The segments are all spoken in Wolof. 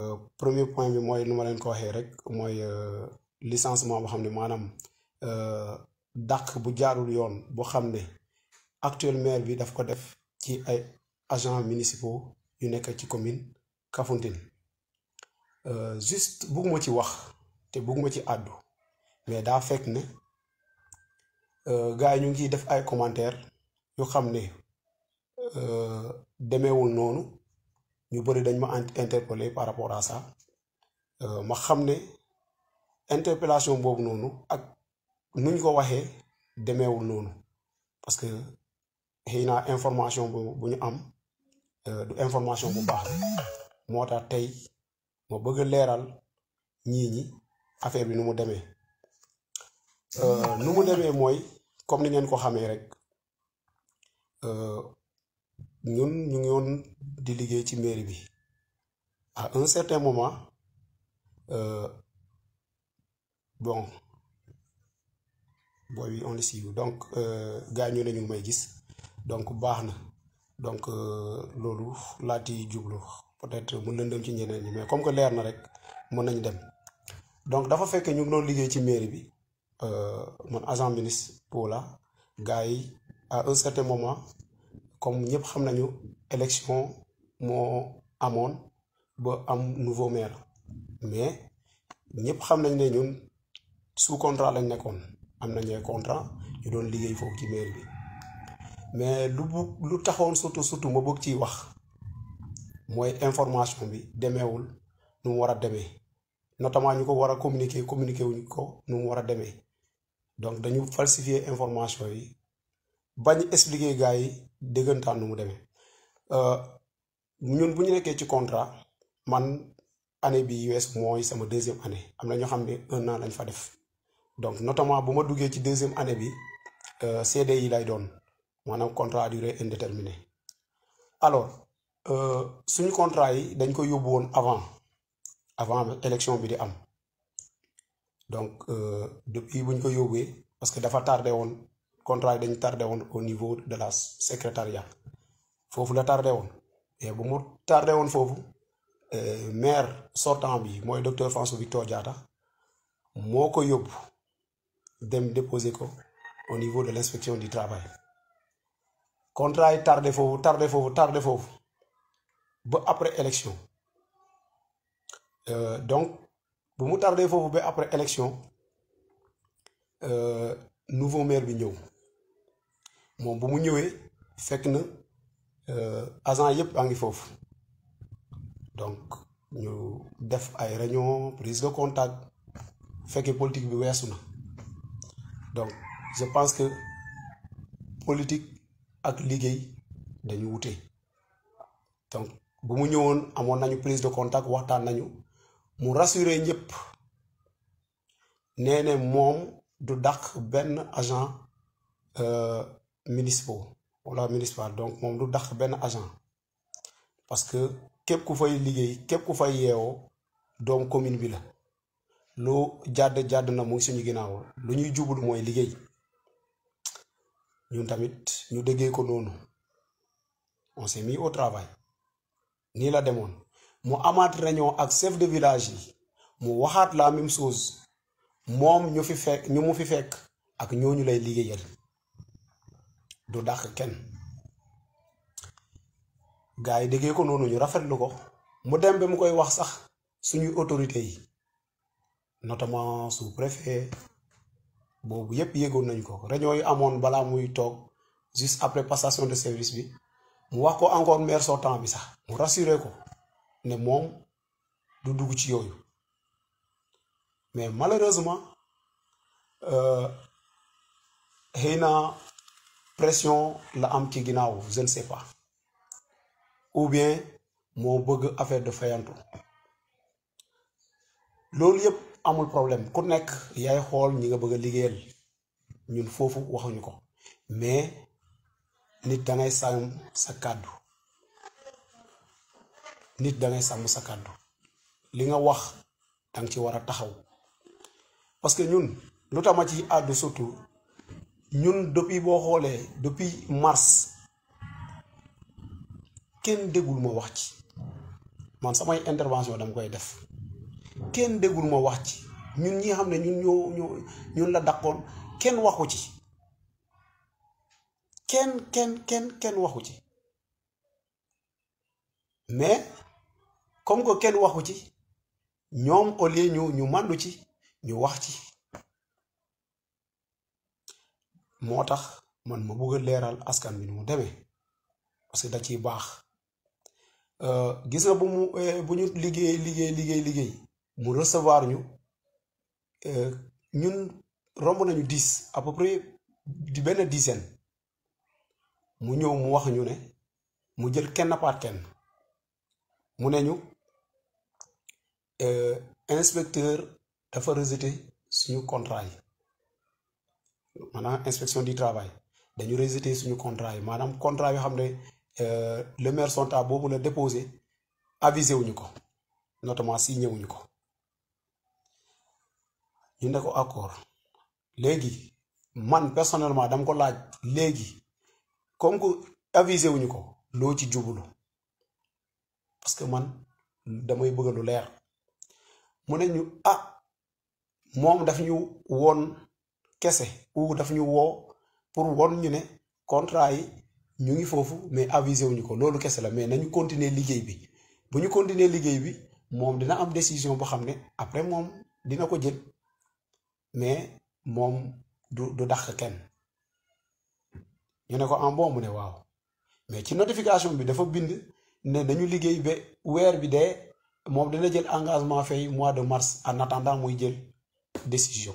Euh, premier point bi mooy nu ma leen ko waxee rek mooy euh, licenciement boo xam ne maanaam euh, dàq bu jaarul yoon boo xam ne actuel maire bi daf ko def ci ay agents municipaux yu nekk ci commune Kafountine juste ma ci wax te bugguma ci àddu mais daa fekk ne gars yi ñu ngi def ay commentaires yu xam ne demeewul noonu nous bëri dañ ma interpellé par rapport à ça euh, ma xam ne interpellation boobu noonu ak nu ñu ko waxee demeewul noonu parce que xëy na information boobu bu ñu am euh, du information bu baax moo tax tey ma bëgg a leeral ni affaire bi nu mu demee euh, nu mu demee mooy comme ni ngeen ko xamee rek ñun ñu ngi woon di liggéey ci mairie bi à un certain moment euh, bon booy bi on le suit donc euh, gaañu nañu may gis donc baax na donc euh, loolu laati jublu peut-être mu dem ci ñeneen ñi mais comme que leer na rek mën nañ dem donc dafa fekk ñu ngi doon liggéey ci mairie bi man agent ministre pour la gars yi à un certain moment comme ñëpp xam nañu élection moo amoon ba am nouveau maire mais ñëpp xam nañ ne ñun sous contrat lañ nekkoon am nañu contrat ñu doon liggéey foofu ci maire bi mais lu bu lu taxoon surtout surtout ma bëgg ciy wax mooy information bi demeewul nu mu war a demee notamment ñu ko war a communiquer communiquer wuñ ko nu mu war a demee donc dañu falsifier information yi bañ expliquer gars yi dëggantaan nu mu demee euh, ñun bu ñu nekkee ci contrat man année bi US mooy sama deuxième année am na ñoo xam ne un an lañ fa def donc notamment bu ma duggee ci deuxième année bi euh, CDI lay doon maanaam contrat à durée indéterminée alors euh, suñu contrat yi dañ ko yóbbu woon avant avant élection bi di am donc depuis bu ñu ko yóbbee parce que dafa tardé woon contrat tardé au niveau de la secrétariat fofu la tardé won et bu mu tardé fofu vous. Euh, maire sortant bi docteur François Victor Diata moko déposer au niveau de l'inspection du travail contrat est tardé fofu tardé vous tardé après élection euh, donc bu mu tardé fofu après élection euh, nouveau maire bi moom bu mu ñëwee fekk na euh, agent yépp a ngi foofu donc ñu def ay réunion prise de contact fekkee politique bi weesu na donc je pense que politique ak liggéey dañu wute donc bu mu ñëwoon amoon nañu prise de contact waxtaan nañu mu rassuré ñëpp nee ne moom du dàq benn agent euh, municipaux l'a municipal donc mon du dàq ben agent parce que képp ku fay liggéey képp ku fay yeewoo doom commune bi la lu jàdd jàdd na mu suñu ginnaaw lu ñuy jublu mooy liggéey ñun tamit ñu déggee ko noonu on s'est mis au travail ni la demoon Mo amaat réunion ak chef de village yi mu la même chose Mom ñu fi fek, ñu mu fi fek. ak ñooñu lay liggéeyal du dàq kenn gaa yi déggee ko noonu ñu rafetlu ko mu dem ba mu koy wax sax suñu autorité yi notamment sous préfet boobu yépp yéegoon nañ ko réunion yi amoon balaa muy toog juste après passation de service bi mu wax ko encore maire sortant bi sax mu rassuré ko ne moom du dugg ci yooyu mais malheureusement euh, xëy na pression la am ci ginnaaw je ne sais pas ou bien mo bëgg affaire de fayantou lool yëpp amul problème ku nekk yaay xool ñi nga bëgg a liggéeyal ñun foofu waxuñu ko mais nit da ngay sàmm sa kàddu nit da ngay sàmm sa kàddu li nga wax danga ci war a taxaw parce que ñun lu tax ma ci àddu surtout ñun depuis boo xoolee depuis mars kenn déggul ma wax ci man samay intervention dama koy def kenn déggul ma wax ci ñun ñi xam ne ñun ñu ñu ñun la dàqoon kenn waxu ci kenn kenn kenn kenn waxu ci mais comme que kenn waxu ci ñoom au lieu ñu ñu màndu ci ñu wax ci moo tax man ma bëgg leeral askan bi ni mu demee parce que da ciy baax euh, gis na bu mu euh, bu ñu liggéey liggéey liggéey liggéey mu recevoir ñu euh, ñun romb nañu dix à peu di benn dizaine mu ñëw mu wax ñu ne mu jël kenn par kenn mu ne ñu inspecteur dafa rejeté suñu contrat yi a inspection du travail dañu rejeté suñu contrat yi maanaam contrat yoo xam ne euh, le maire Sonta boobu la déposé avisé wuñu ko notamment si ñëwuñu ko ñu ne ko accord léegi man personnellement dama ko laaj léegi comme que wuñu ko loo ci jublu parce que man damay bëgg lu leer mu ne ñu ah moom daf ñu woon kessé ou daf ñu woo pour won ñu né contrat yi ñu ngi fofu mais avisé wuñ ko loolu kese la mais nañu continuer liggéey bi bu ñu continuer liggéey bi mom dina am décision boo xamné après mom dina ko jël mais mom du du dakh kenn ñu né ko en bon mu né waaw mais ci notification bi dafa bind né dañu liggéey ba wèr bi dé mom dina jël engagement fay mois de mars en attendant muy jël décision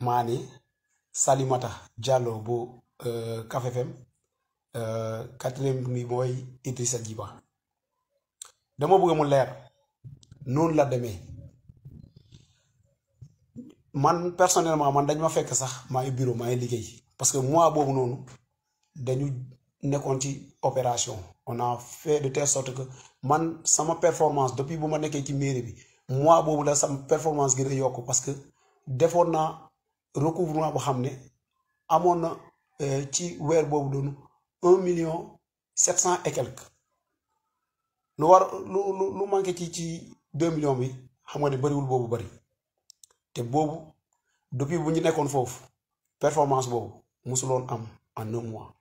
maane Salimata Diallo bu euh FM euh, quatrième bi mooy Idrissa Jiba dama bëgg mu leer non la demee man personnellement man dañ ma fekk sax maa ngi bureau maa ngi liggéey parce que moi bobu noonu dañu nekkoon ci opération on a fait de telle sorte que man sama performance depuis buma nekké ci mairie bi moi bobu la sama performance gën a parce que defoon n'a recouvrement est xamné 1,7 million 700 et quelques. lu war lu millions bi xam depuis buñu est performance nous Musulon am en un mois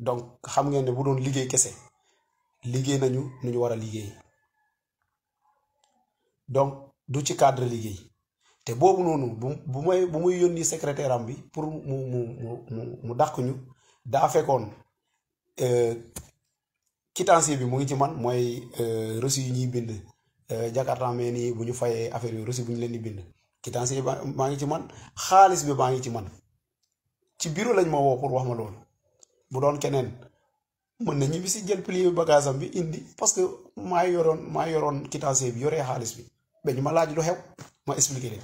donc xam ngeen ne bu doon liggéey kese liggéey nañu nuñu wara donc du ci cadre te boobu noonu bu bu may bu muy yónni secrétaire bi pour mu mu mu mu dàq ñu daa fekkoon euh, quittance bi mu ngi ci man mooy euh, reçu yi ñuy bind euh, jakarta mais nii bu ñu fayee affaire yu reçu bu ñu leen di bind quittance yi maa ngi ci man xaalis bi maa ngi ci man ci biro lañ ma woo pour wax ma loolu bu doon keneen mën na ñibbi si jël plier bagage bi indi parce que maa yoroon maa yoroon quittance bi yoree xaalis bi ba ñu ma laaj lu xew ma expliqué leen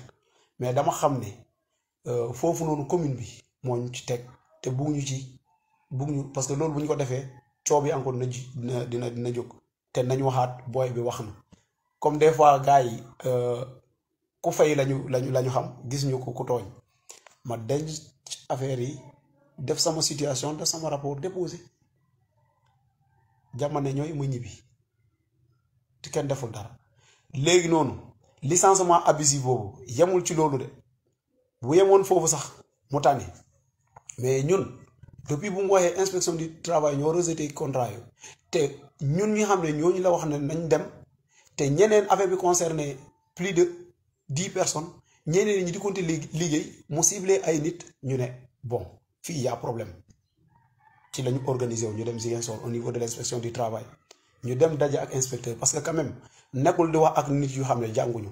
mais dama xam ne euh, foofu noonu commune bi moo ñu ci teg te bugguñu ci bugguñu parce que loolu bu ñu ko defee coob bi encore na ji dina dina jóg te nañu waxaat booy bi wax na comme des fois gars yi euh, ku fay lañu lañu la ñu xam gis ñu ko ku tooñ ma denc affaire yi def sama situation def sama rapport déposé jamono ñooy ma ñibbi te kenn deful dara léegi noonu. Licencement abusif il yamul ci lolu de bu yamone fofu sax mais ñun depuis bu ngoyé inspection du travail ñoo rejeté contrat nous ñun ñi xamné nous la wax né dem concerné plus de 10 personnes ñeneen ñi di compter liggéey mo ciblé ay nit ñu bon fi y'a problème ci nous organiser ñu dem au niveau de l'inspection du travail ñu dem ak inspecteur parce que quand même nekkul di wax ak nit yu xam ne jànguñu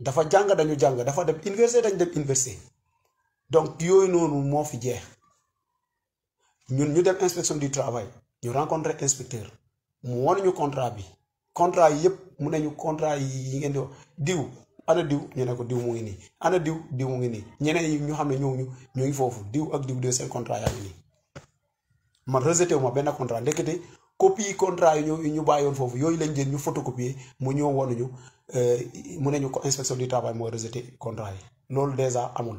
dafa jàng dañu jàng dafa dem université dañu dem université donc yooyu noonu moo fi jeex ñun ñu dem inspection du travail ñu rencontré inspecteur mu wan ñu contrat bi contrat yi yëpp mu ne ñu contrat yi yi ngeen di wax diw ana diw ñu ne ko diw mu ngi nii ana diw diw mu ngi nii ñeneen yi ñu xam ne ñëw ñu ñu ngi foofu diw ak diw de seen contrat yaa ngi nii man rejeté ma benn contrat ndekete copie contrat yi ñu ñu bàyyoon foofu yooyu lañ jël ñu photocopier mu ñëw woonuñu euh, mu ne ñu ko inspection du travail mooy rejeté contrat yi loolu dèjà amul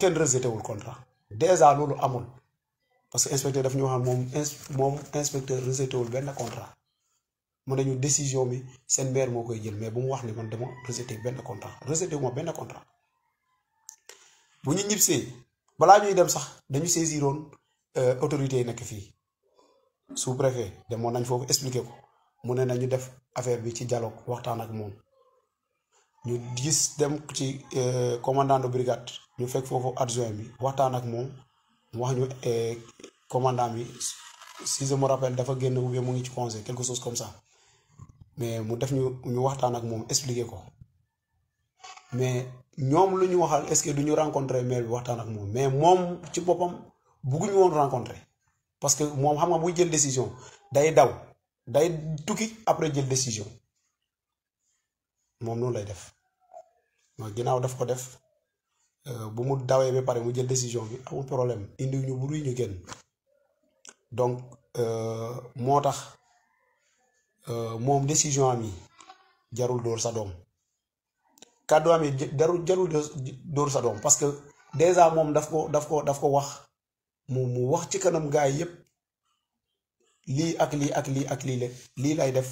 kenn rejeté wul contrat dèjà loolu amul parce que inspecteur daf ñu wax moom moom inspecteur rejeté wul benn contrat mu ne ñu décision bi seen maire moo koy jël mais bu mu wax ni man dama rejeté benn contrat rejeté wu benn contrat bu ñu ñibsee balaa ñuy dem sax dañu saisiroon euh, autorité yi nekk fii. sous préfet demoon nañ fofu expliquer ko mu ne nañu def affaire bi ci dialogue waxtan ak mom ñu gis dem ci euh, commandant de brigade ñu fekk fofu adjoint bi waxtan ak mom mu wax ñu euh, commandant bi si je me rappelle dafa génn ou bien mu ngi ci congé quelque chose comme ça mais mu def ñu ñu waxtan ak mom expliquer ko mais ñom lu ñu waxal est-ce que duñu rencontrer rencontré bi waxtan ak mom mais mom ci boppam bugguñu won rencontrer parce que moom xam nga muy jël décision day daw day tukki après jël décision moom noonu lay def mooy ginnaaw daf ko def euh, bu mu dawee bi pare mu jël décision bi amul problème indi ñu bu ñu génn donc euh, moo tax euh, moom décision am yi jarul dóor sa doom kàddu am yi jarul jarul dóor sa doom parce que déjà moom daf ko daf ko daf ko wax. mu mu wax ci kanam gaay yépp lii ak lii ak lii ak lii la lii lay def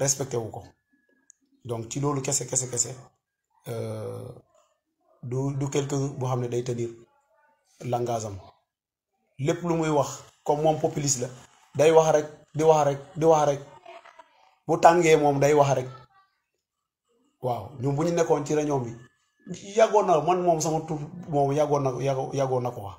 respecté wu ko donc ci loolu kese kese kese euh, du du quelque boo xam ne day tenir langage am lépp lu muy wax comme moom populiste la day wax rek di wax rek di wax rek bu tàngee moom day wax rek waaw ñun bu ñu nekkoon ci réunion bi yàggoon na man moom sama tur moom yàggoon na yàggoon na ko wax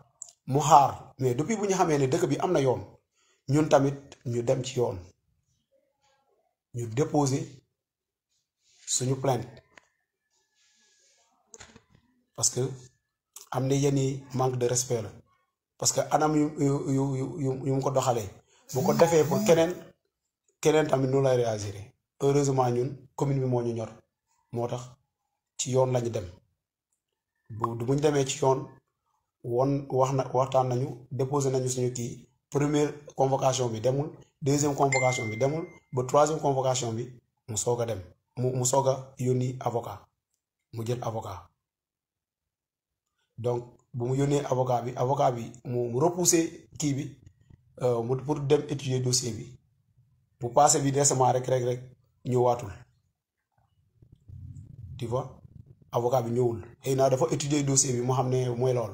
mu xaar mais depuis bu ñu xamee ne dëkk bi am na yoon ñun tamit ñu dem ci yoon ñu déposer suñu plain parce que am na yenn manque de respect la parce que anam yu yu yu yu mu ko doxalee bu ko defee pour keneen keneen tamit nu la réagir heureusement ñun commune bi moo ñu ñor moo tax ci yoon lañu dem bu bu ñu demee ci yoon. won wax na waxtaan nañu déposé nañu suñu kii première convocation bi demul deuxième convocation bi demul ba troisième convocation bi mu soog a dem mu mu soog a yónni avocat mu jël avocat donc bu mu yónnee avocat bi avocat bi mu mu kii bi euh, mu pour dem étudier dossier bi bu passé bi décemment rek rek rek ñëwaatul ti vois avocat bi ñëwul xëy naa defa étudier dossier bi mu xam ne mooy loolu.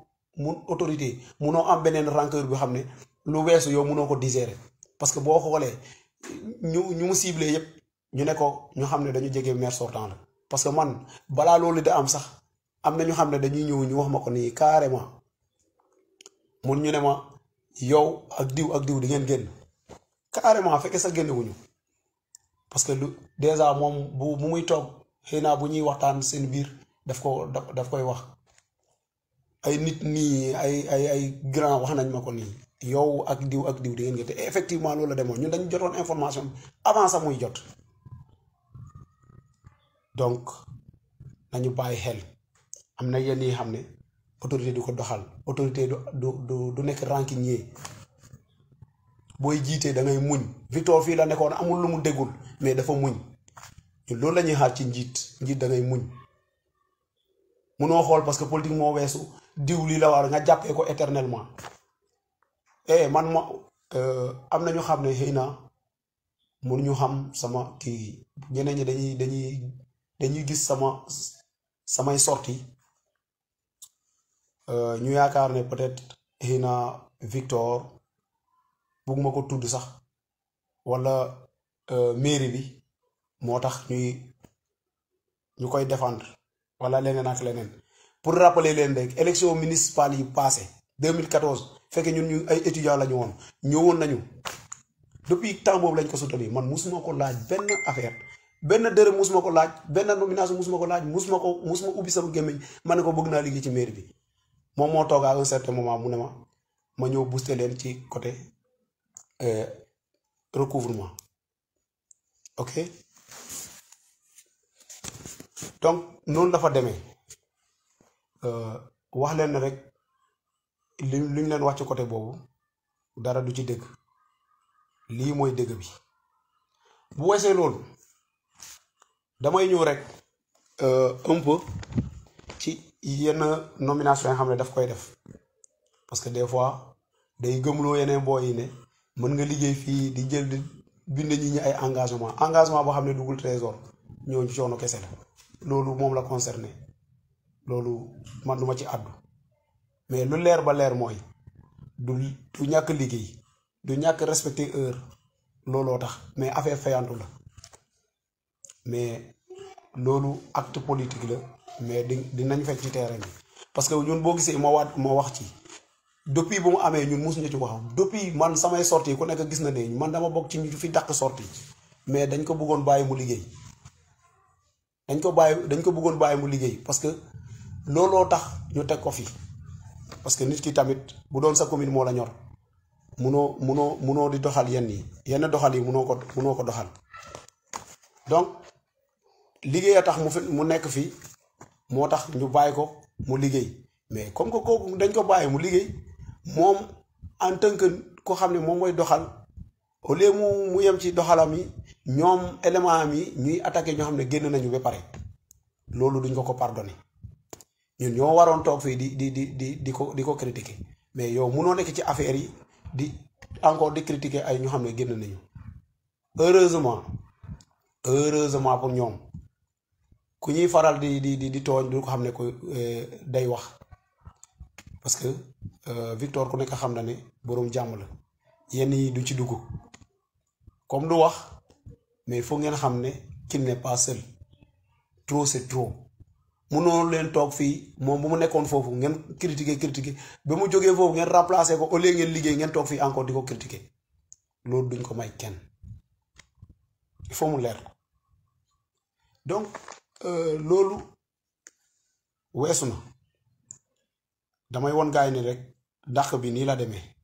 mun autorité munoo am beneen ranqueur bi xam ne lu weesu yow munoo ko digérer parce que boo xoolee ñu ñu mu ciblé yëpp ñu ne ko ñu xam ne dañuy jege maire sortant la parce que man balaa loolu di am sax am na ñu xam ne dañuy ñëw ñu wax ma ko nii carrément mun ñu ne ma yow ak diw ak diw di ngeen génn carrément fekkee sax génn wuñu parce que lu déjà moom bu mu muy toog xëy naa bu ñuy waxtaan seen biir daf ko daf koy wax ay nit nii ay ay ay grand wax nañ ma ko nii yow ak diw ak diw di ngeen te effectivement loolu la demoon ñun dañ jotoon information avant sax muy jot donc nañu bàyyi xel am na yenn yi xam ne autorité du ko doxal autorité du du du nekk rancunier booy jiitee da muñ Victor fii la nekkoon amul lu mu déggul mais dafa muñ loolu lañuy ñuy xaar ci njiit njiit da ngay muñ munoo xool parce que politique moo weesu diw lii la war nga jàppee ko éternellement eh man ma euh, am na ñu xam ne xëy na ñu xam sama kii ñeneen ñi dañuy dañuy dañuy gis sama samay sorti euh, ñu yaakaar ne peut-être xëy na Victor bugguma ko tudd sax walla euh, mairie bi moo tax ñuy ñu koy défendre walla leneen ak leneen. pour rappeler leen rek élection municipale yi passé 2014 fekkee ñun ñu ay étudiants la ñu woon ñëwoon nañu depuis temps boobu lañ ko soutenir man musuma ko laaj benn affaire benn dërëm musuma ko laaj benn nomination musuma ko laaj musuma ko musuma ubbi sama gémmiñ ma ne ko bëgg naa liggéey ci mairie bi moom moo toog à un certain moment mu ne ma ma ñëw booster leen ci côté euh, recouvrement ok donc noonu la fa demee. Euh, wax leen rek li li ñu leen wax ci côté boobu dara du ci dëgg lii mooy dëgg bi bu weesee loolu damay ñëw rek euh, un peu ci yenn nomination yi xam ne daf koy def parce que des fois day gëmloo yeneen boo yi ne mën nga liggéey fii di jël di bind ñi ñi ay engagement engagement boo xam ne dugul trésor ñoo coono kese la loolu moom la concerné loolu man duma ci addu mais lu leer ba leer moy du du ñak liggey du ñak respecter heure looloo tax mais affaire fayantou la mais loolu acte politique la mais di dinañ fekk ci terrain bi parce que ñun bo gisee mo wat mo wax ci depuis bu mu amé ñun mosuñu ci wax depuis man samay sortie ku nek gis na né man dama bok ci ñu fi dakk sortie mais dañ ko bëggoon bàyyi mu liggey dañ ko bàyyi dañ ko bëggoon bàyyi mu liggey parce que looloo tax ñu teg ko fi parce que nit ki tamit bu doon sa commune moo la ñor munoo munoo munoo di doxal yenn yi yenn doxal yi munoo ko munoo ko doxal donc liggéey a tax mu fi mu nekk fii moo tax ñu bàyyi ko mu liggéey mais comme que kooku dañ ko bàyyi mu liggéey moom en tant que ko xam ne moom doxal au lieu mu mu yem ci doxalam yi ñoom élément yi ñuy attaqué ñoo xam ne nañu ba pare loolu duñ ko ko pardonné ñun ñoo waroon toog fii di di di di di ko di ko critiquer mais yow munoo nekk ci affaire yi di encore di critiquer ay ñu xam ne génn nañu heureusement heureusement pour ñoom ku ñuy faral di di di di tooñ du ko xam ne ko eh, day wax parce que euh, Victor ku nekk xam na ne boroom jàmm la yenn yi du ci dugg comme du wax mais foog ngeen xam ne qu'il n'est pas seul trop c'est trop. mënoo leen toog fii moom bu mu nekkoon foofu ngeen critiquer critiquer ba mu jógee foofu ngeen remplacer ko au lieu ngeen liggéey ngeen toog fii encore di ko critiquer loolu duñ ko may kenn il faut mu leer donc euh, loolu weesu na damay won gaay ni rek dàq bi nii la demee.